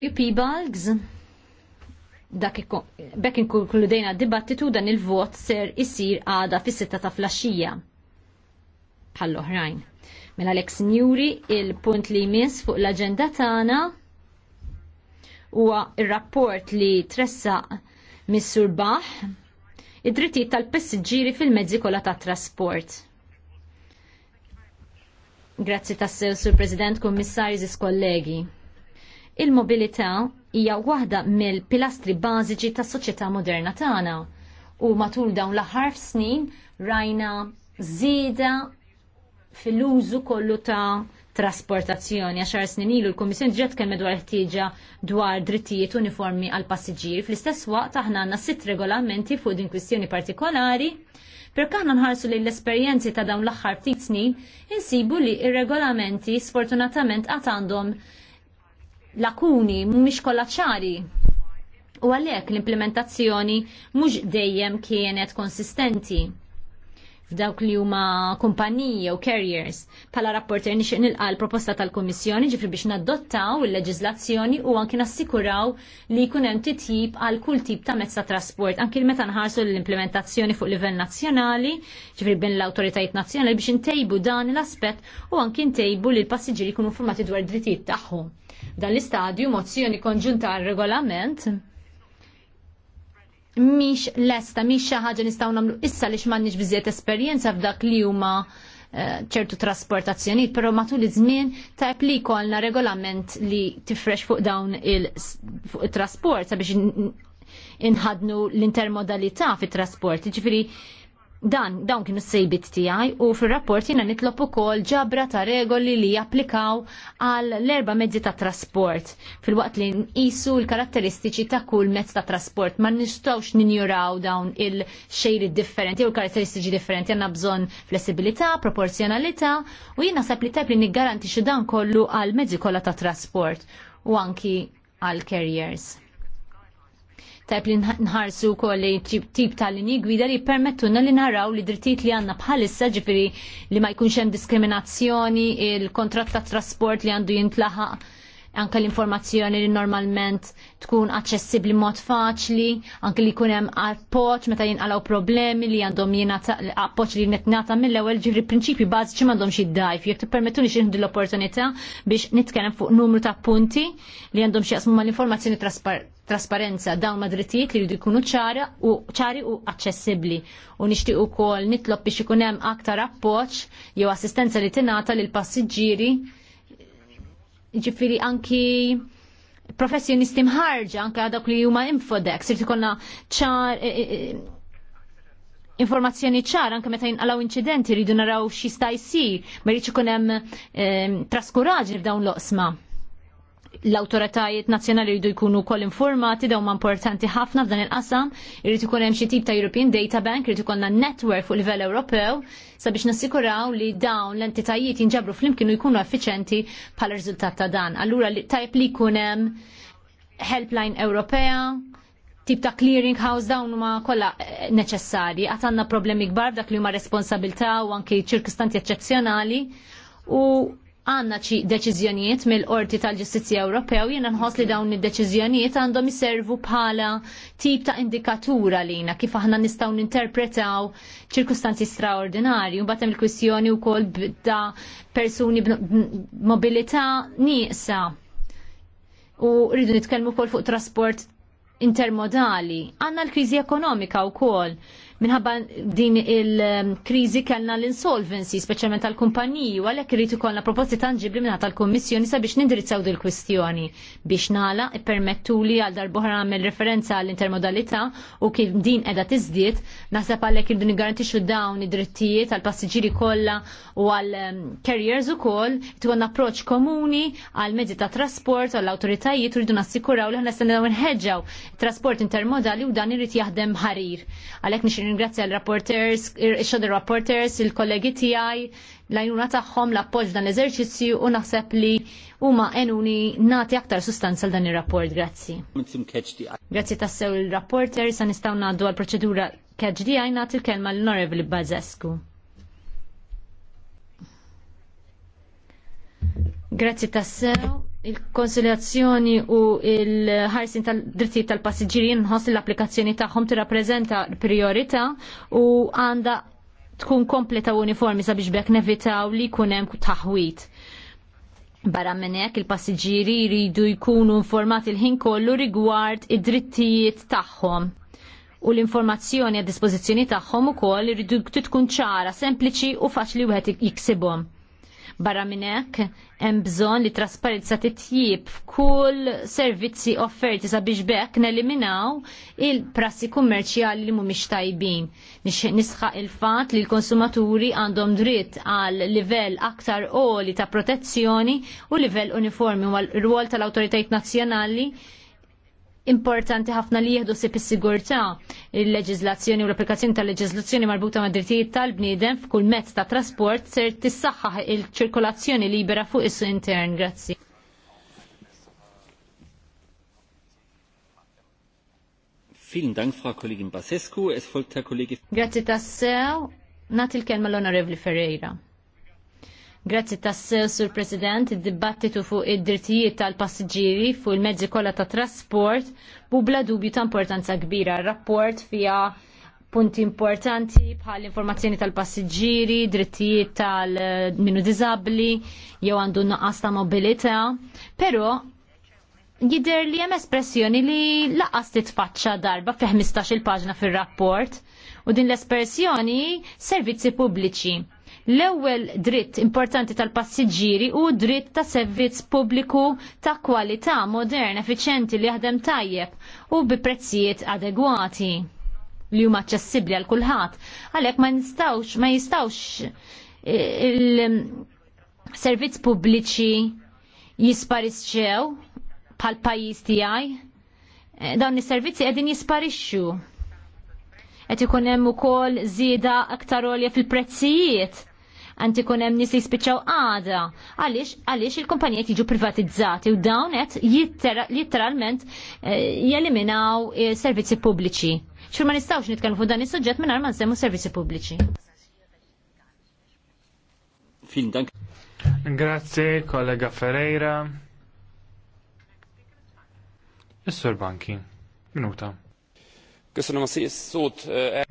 P. Balgs, dak bekk inkludejna dibattitu dan il-vot ser isir għada fis sitta ta' flaxxija bħall oħrajn. Mela Lex Njuri il-punt li jmiss fuq l-agenda tagħna huwa ir-rapport li tressa Missur sur Baħ id-drittijiet tal-passiġġieri fil-mezzi kollha tat-trasport. Grazzi tassew, Sur President, Kummissarju, kollegi. Il-mobilità hija waħda mill-pilastri bażiċi tas-soċjetà moderna tagħna u matul dawn l-aħħar snin rajna żieda fil-użu kollu ta' trasportazzjoni. Għaxar snin ilu l-Komissjoni ġiet kemm dwar ħtieġa dwar drittijiet uniformi għal passiġġier. Fl-istess waqt aħna għandna sitt regolamenti fuq din kwistjoni partikolari. Perk aħna nħarsu li l-esperjenzi ta' dawn l-aħħar ftit snin insibu li ir-regolamenti sfortunatament qatt għandhom lakuni mhumiex kollha ċari. U għalhekk l-implementazzjoni mhux dejjem kienet konsistenti f'dawk li huma kumpaniji u carriers. Pala rapporter nixtieq nilqa' l-proposta tal-Kummissjoni ġifri biex nadottaw il leġislazzjoni u anki nassikuraw li jkun hemm titjib għal kull tip ta' mezz ta' trasport, anki meta nħarsu l-implementazzjoni fuq livell nazzjonali, ġifri bin l-awtoritajiet nazzjonali biex intejbu dan l-aspett u anki ntejbu li l-passiġġieri jkunu formati dwar drittijiet tagħhom. Dan l-istadju mozzjoni konġunta għal regolament miex lesta, miex xi ħaġa nistgħu nagħmlu issa li m'għandniex biżjed esperjenza f'dak li huma eh, ċertu trasportazzjonijiet, però matul iż-żmien tajb li jkollna regolament li tifrex fuq dawn il-trasport sabiex inħadnu l-intermodalità fit trasport Ġifiri, Dan, dawn kienu s-sejbit tijaj u fil-rapport jina nitlob ukoll ġabra ta' regoli li japplikaw għal l-erba mezzi ta' trasport fil-waqt li nqisu l-karatteristiċi ta' kull mezz ta' trasport. Ma nistgħux ninjuraw dawn il-xejri differenti u l-karatteristiċi differenti għandna bżonn flessibilità, proporzjonalità u jina sab li tajb li niggarantixi dan kollu għal mezzi kollha ta' trasport u anki għal carriers tajb li nħarsu wkoll li tip ta' lini gwida li permettuna li naraw li drittijiet li għandna bħalissa ġifiri li ma jkunx hemm diskriminazzjoni, il-kontratt ta' trasport li għandu jintlaħaq anke l-informazzjoni li normalment tkun aċċessibbli mod faċli, anke li jkun hemm appoġġ meta jinqalgħu problemi li għandhom jiena appoġġ li nitnata mill-ewwel ġifri prinċipji bażiċi m'għandhomx jiddajf. Jekk tippermettuni xi l-opportunità biex nitkellem fuq numru ta' punti li għandhom xi jaqsmu mal-informazzjoni trasparenza dawn mad-drittijiet li jridu jkunu ċara u ċari u aċċessibbli. U nixtieq ukoll nitlob biex ikun hemm aktar appoġġ jew assistenza li tingħata lil passiġġieri ġifiri anki professjonisti mħarġa anke għadok li huma infodex, irid konna ċar e, e, e, informazzjoni ċar anke meta jinqalaw incidenti rridu naraw xista jsir, ma jridx ikun hemm traskuraġi f'dawn l-oqsma l-autoritajiet nazzjonali jridu jkunu kol informati daw ma importanti ħafna f'dan il-qasam, irid ikun hemm xi tip ta' European Data Bank, jrid ikollna network fuq livell Ewropew sabiex nassikuraw li dawn l-entitajiet jinġabru u jkunu effiċenti bħala riżultat ta' dan. Allura tajb li jkun hemm helpline Ewropea, tip ta' clearing house dawn huma kollha eh, neċessarji. Għad għandna problemi kbar dak li huma responsabilta u anki ċirkustanti eċċezzjonali u għanna ċi deċizjonijiet mill-Qorti tal-Ġustizja Ewropew jiena nħoss li dawn id-deċizjonijiet għandhom iservu bħala tip ta' indikatura lina kif aħna nistgħu ninterpretaw ċirkustanzi straordinarji u batem il-kwistjoni wkoll bda persuni b'mobilità nieqsa. U rridu nitkellmu wkoll fuq trasport intermodali. Għandna l-kriżi ekonomika wkoll minħabba din il-krizi kellna l-insolvency, speċjalment tal-kumpaniji, u għalhekk irid ikollna proposti tanġibli minn tal-Kummissjoni sabiex nindirizzaw dil kwistjoni biex nala ippermettuli għal darbohra għamil referenza għall intermodalità u kif din qiegħda tizdiet, naħseb għalhekk irdu niggarantixxu dawn id-drittijiet għall passiġġieri kollha u għall ehm, carriers ukoll, tkun approċċ komuni għal mezzi ta' trasport u l-awtoritajiet rridu nassikuraw li ħna nistgħu nħeġġaw trasport intermodali u dan irid jaħdem ħarir. Għalhekk nixin ringrazzja l-rapporters, il-shadow rapporters, il-kollegi tiegħi l-għajnuna tagħhom l-appoġġ dan l-eżerċizzju u naħseb li huma enuni nagħti aktar sustanza dan ir-rapport, grazzi. Grazzi tassew il rapporters san nistgħu ngħaddu għall proċedura catch di għaj nagħti l-kelma l-Onorevoli Bazescu. Grazzi tassew il-konsiljazzjoni u il-ħarsin tal-dritti tal-passiġġieri nħoss l-applikazzjoni tagħhom tirrappreżenta priorità u għandha tkun kompleta u uniformi sabiex bekk nevitaw li jkun hemm taħwit. Barra minn hekk il-passiġġieri jridu jkunu informati l-ħin kollu rigward id-drittijiet tagħhom u l-informazzjoni għad dispożizzjoni tagħhom ukoll irridu tkun ċara, sempliċi u faċli wieħed jiksibhom Barra minn hekk hemm bżonn li trasparenza titjib f'kull servizzi offerti sabiex bekk neliminaw il-prassi kummerċjali li mhumiex tajbin. Nisħaq il-fatt li l-konsumaturi għandhom dritt għal livell aktar oli ta' protezzjoni u livell uniformi mal rwol tal-awtoritajiet nazzjonali importanti ħafna li jieħdu sib is-sigurtà il-leġiżlazzjoni u l-applikazzjoni tal-leġiżlazzjoni marbuta ma' drittijiet tal-bniedem f'kull mezz ta' trasport ser tissaħħaħ il-ċirkolazzjoni libera fuq is intern. Grazzi. Vielen Dank, Frau Kollegin Basescu. Es folgt Herr Kollege. Grazie tassew. Natil kelma l Ferreira. Grazzi tas sur President, id-dibattitu fuq id-drittijiet tal-passiġġieri fuq il-mezzi kollha ta' trasport bu bla dubju ta' importanza kbira. Rapport fija punti importanti bħal informazzjoni tal-passiġġieri, drittijiet tal-minu diżabbli, jew għandu naqas ta' mobilità, però jider li hemm espressjoni li laqas titfaċċa darba fi 15-il paġna fir-rapport u din l-espressjoni servizzi pubbliċi L-ewwel dritt importanti tal-passiġġieri u dritt ta' servizz pubbliku ta' kwalità modern, effiċjenti li jaħdem tajjeb u bi prezzijiet adegwati li huma aċċessibbli għal kulħadd. Għalhekk ma nistgħux ma jistgħux eh, il-servizz mm, pubbliċi jisparixxew bħal pajjiż tiegħi. Eh, dawn is-servizzi qegħdin jisparixxu. Qed ikun hemm ukoll żieda aktar għolja fil-prezzijiet għanti kunem nis jispiċaw għada. Għalix, għalix il-kumpanijiet jiġu privatizzati u dawnet jitteralment eh, jeliminaw eh, servizzi pubbliċi. ċur ma nistawx nitkellmu fuq dan is-suġġett minn ma nsemmu servizzi pubbliċi. Fin dank. Grazie, kollega Ferreira. Is-Sur Banki. Minuta. Köszönöm a szót. Eh,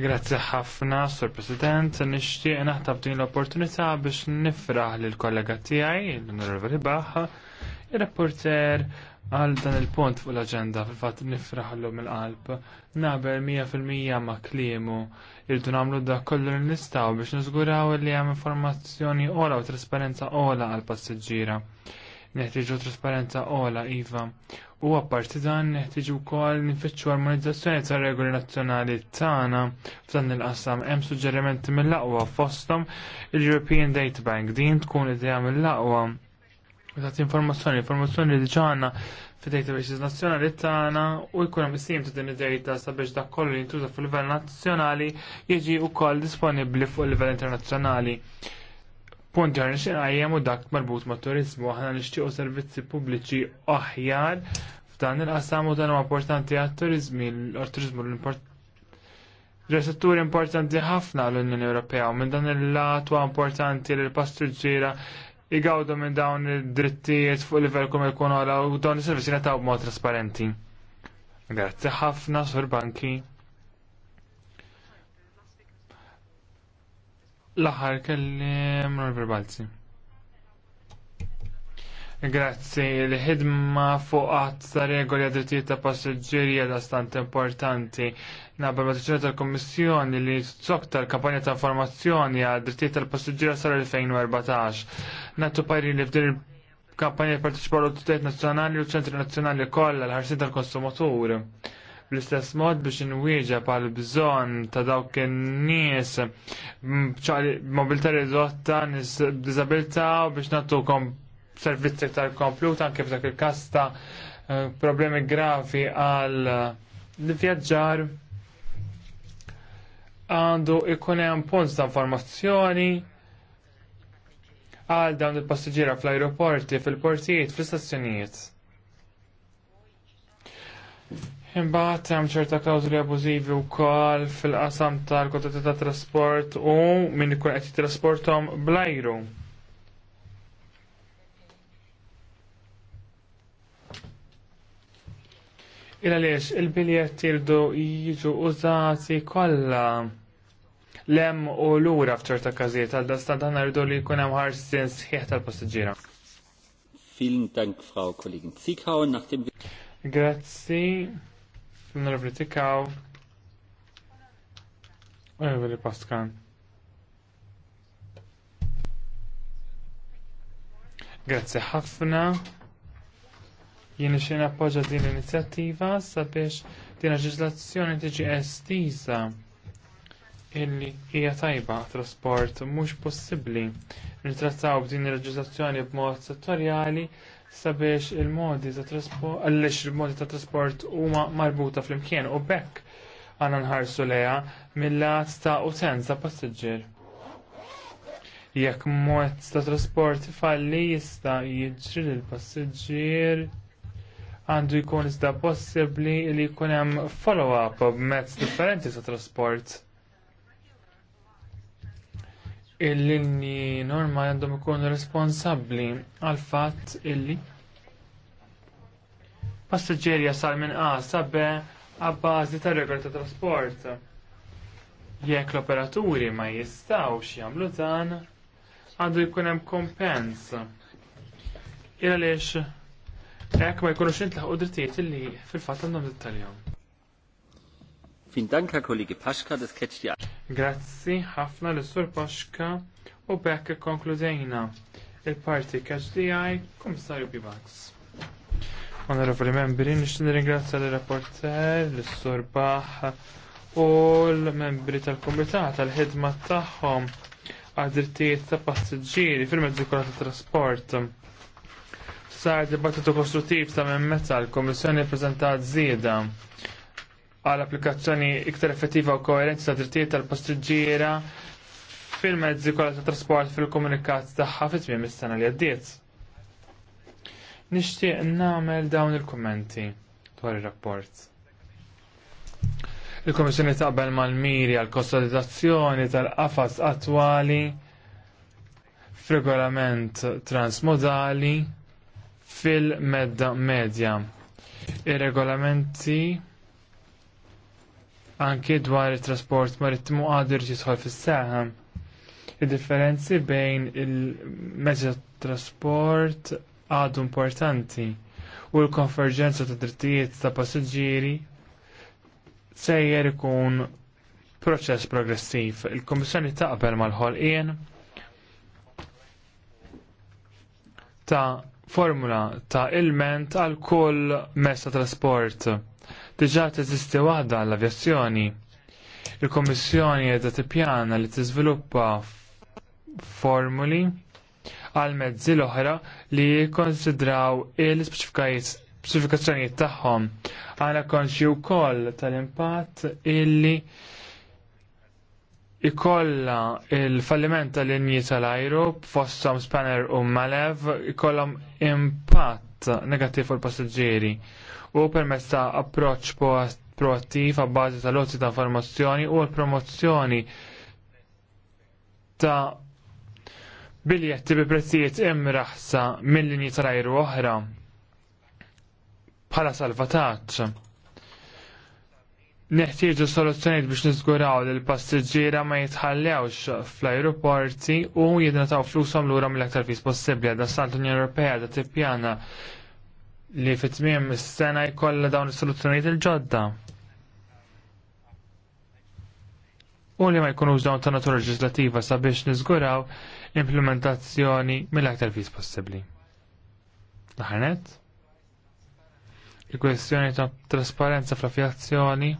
Grazzi ħafna, Sur President. Nixtieq naħtab din l-opportunità biex nifraħ lill kollega tiegħi, l-Onorevoli Baħ, ir-rapporter għal dan il-punt fuq l-aġenda fil-fatt nifraħ l il-qalb. Nabel 100% ma' kliemu irdu nagħmlu dak kollu nistgħu biex niżguraw li hemm informazzjoni ola u trasparenza ola għall passiġġiera neħtiġu trasparenza ola iva. U għapparti dan neħtiġu wkoll nifittxu armonizzazzjoni tar regoli nazzjonali tagħna f'dan il-qasam hemm suġġerimenti mill laqwa fosthom il-European Data Bank din tkun idea mill laqwa Tagħti informazzjoni, informazzjoni li ġana fid-databases nazzjonali tagħna u jkun hemm istim ta' din id-data sabiex dak kollu jintuża fil-livell nazzjonali jiġi wkoll disponibbli fuq il-livell internazzjonali. Punt ġar għajjem u dak marbut ma' turizmu, aħna nixtiequ servizzi pubbliċi aħjar f'dan il-qasam u dan huwa importanti għat-turizmi, l-turizmu l-import. Resetturi importanti ħafna l-Unjoni Ewropea u minn dan il-lat huwa importanti li l-pastruġġiera igawdu minn dawn id-drittijiet fuq livell kum jkunu għala u dawn is-servizzi nataw b'mod trasparenti. Grazzi ħafna, Sur Banki. L-aħħar kelli mnur Verbalzi. Grazzi, l-ħidma fuq għat ta' regoli għadrittijiet ta' passagġeri għadha stant importanti. Nabba matriċina tal-Kommissjoni li t-sok tal-kampanja ta' informazzjoni għadrittijiet tal passagġeri sar 2014. Nattu pajri li f'din il-kampanja parteċipaw l-autoritet nazjonali u ċentri nazjonali kollha l-ħarsin tal-konsumatur bl-istess mod biex inwieġa pal bżonn ta' dawk in-nies mobilità ridotta nies u biex nagħtukom servizzi tal kompluta anke f'dak il-każ ta' eh, problemi gravi għal eh, l-vjaġġar għandu ikun hemm punt ta' informazzjoni għal dawn il-passiġġiera fl-ajruporti, fil-portijiet, fl-istazzjonijiet. Imbagħad hemm ċerta klawżuli abużivi wkoll fil-qasam tal-kontratti ta' trasport u min ikun qed jitrasportom blajru. Il għaliex il-biljetti jirdu jiġu użati kollha lem u lura f'ċerta każijiet għal dastan dan rridu li jkun hemm ħarsin sħiħ tal-passiġġiera. Vielen Dank, Frau Kollegin nach dem... Grazzi l Tikaw, onorevoli Pastkan. Grazzi ħafna. Jien xejn appoġġa din l-inizjattiva sabiex din leġiżlazzjoni tiġi estiża illi hija tajba trasport mhux possibbli nittrattaw b'din il-leġiżlazzjoni b'mod settorjali sabiex il-modi ta' trasport għaliex il-modi ta' trasport huma marbuta flimkien u bekk għandna nħarsu lejha mill-lat ta' utenza passiġġier. Jekk mod ta' trasport falli jista' jiġri lill passiġġier għandu jkun iżda possibbli li jkun hemm follow-up b'mezz differenti ta' trasport il-linji norma għandhom ikunu responsabbli għal fatt illi passaġġieri jasal minn A sa B għabbażi ta' regoli ta' trasport. Jekk l-operaturi ma jistawx jagħmlu dan, għandu jkun hemm kompens. Għaliex hekk ma jkunux intlaħqu drittijiet illi fil-fatt għandhom dettaljaw. Fin danka kollegi Paxka das catch Grazzi ħafna l sur Paxka u bekk konkludejna il-parti KHDI Komissarju Bivax. Onorevoli membri, nixtin ringrazzja l-rapporter, l-sur Baħ u l-membri tal-Komitat tal-ħidma tagħhom għad-drittijiet ta' passiġġieri fil-mezzi kollha ta' trasport. Sar dibattitu kostruttiv ta' memmeta l-Komissjoni prezentat żieda għal applikazzjoni iktar effettiva u koerenti ta' drittijiet tal-passiġġiera fil-mezzi kollha ta' trasport fil-komunikat tagħha fit-tmiem is-sena li għaddiet. Nixtieq nagħmel dawn il-kummenti dwar ir-rapport. Il-Komissjoni taqbel mal-miri għal konsolidazzjoni tal-qafas attwali f'regolament transmodali fil-medda medja. Ir-regolamenti anke dwar it-trasport marittimu għadir jisħol fis-saħam. il differenzi bejn il-mezzi trasport għadu importanti u l-konverġenza ta' drittijiet ta' passiġġieri sejjer ikun proċess progressiv. il komissjoni taqbel mal-ħolqien ta' formula ta' ilment għal kull mezz ta' trasport Diġà teżisti waħda l-avjazzjoni. il edha t tippjana li tiżviluppa formuli għal mezzi l-oħra li jikkonsidraw il-speċifikazzjonijiet tagħhom. Għana konxi wkoll tal-impatt illi ikolla il-falliment tal-linji tal-ajru fossom spanner u malev ikollhom impatt negattiv fuq il-passiġġieri u permezz ta' approċċ proattiv bażi ta' lozzi ta' informazzjoni u l-promozzjoni ta' biljetti bi prezzijiet imraħsa mill-linji tal-ajru oħra bħala salvataġġ. Neħtieġu soluzzjonijiet biex niżguraw li l-passiġġiera ma jitħallewx fl-ajruporti u jidnataw flushom lura mill-aktar fis possibbli s sant l-Unjoni Ewropea da tippjana li fit tmiem is-sena jkollha dawn is-soluzzjonijiet il-ġodda. U li ma jkunux dawn ta' natura leġislativa sabiex niżguraw implementazzjoni mill-aktar fis possibbli. Daħanet? Il-kwestjoni ta' trasparenza fl-affjazzjoni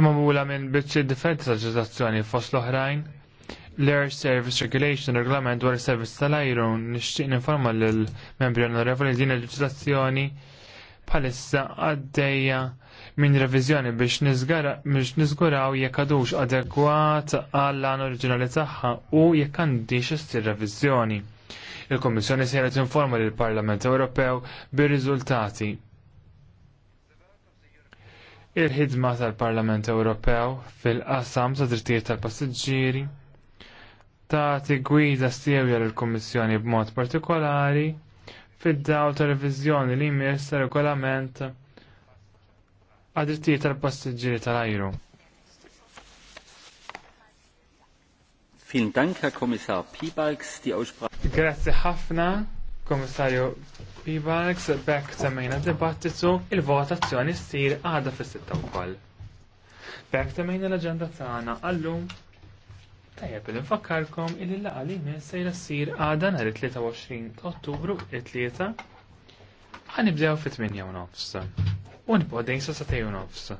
imma mula minn bitċi differenti ta' fos fost l-oħrajn. L-Air Service Regulation, Reglament dwar service tal-ajru, nixtieq ninforma lill-membri onorevoli din il ġizazzjoni bħalissa għaddejja minn reviżjoni biex niżguraw jekk għadux adekwat għall-għan oriġinali tagħha u jekk għandix issir reviżjoni. Il-Kommissjoni se tinforma lill-Parlament Ewropew bir-riżultati il-ħidma tal-Parlament Ewropew fil-qasam ta' drittijiet tal-passiġġieri tagħti gwida stewja lill kummissjoni b'mod partikolari fid-daw ta' reviżjoni li jmiss regolament għad-drittijiet tal-passiġġieri tal-ajru. Vielen Dank, Herr Kommissar Piebalgs. Die Aussprache. Grazie ħafna. Komissarju b'hekk bekk semmejna dibattitu il-votazzjoni ssir għada fis-sitta wkoll. Bekk semmejna l-aġenda tagħna għallum Tajjeb il nfakkarkom il laqgħa li minn sejra ssir għada nhar 23 ta' Ottubru it-tlieta ħanibdew fit-8 u nofs. U nibqgħu dejn sa' nofs.